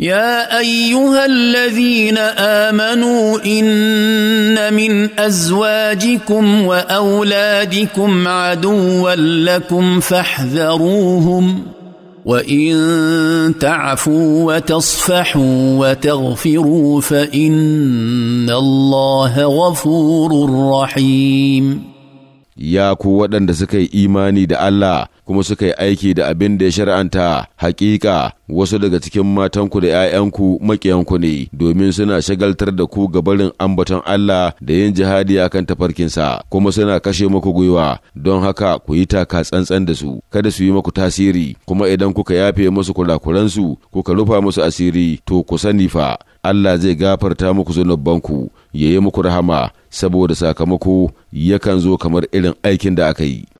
يا ايها الذين امنوا ان من ازواجكم واولادكم عدوا لكم فاحذروهم وان تعفوا وتصفحوا وتغفروا فان الله غفور رحيم ya ku waɗanda suka yi imani da Allah kuma suka yi aiki da abin da ya shar'anta hakika wasu daga cikin matanku da 'ya'yanku maƙiyanku ne domin suna shagaltar da ku ga barin ambaton Allah da yin jihadi a kan tafarkinsa kuma suna kashe muku gwiwa don haka ku yi taka tsantsan da su kada su yi muku tasiri kuma idan kuka yafe musu kurakuransu kuka rufa musu asiri to ku sani fa Allah zai gafarta muku zunubanku ya yi muku rahama saboda sakamako yakan zo kamar irin aikin da aka yi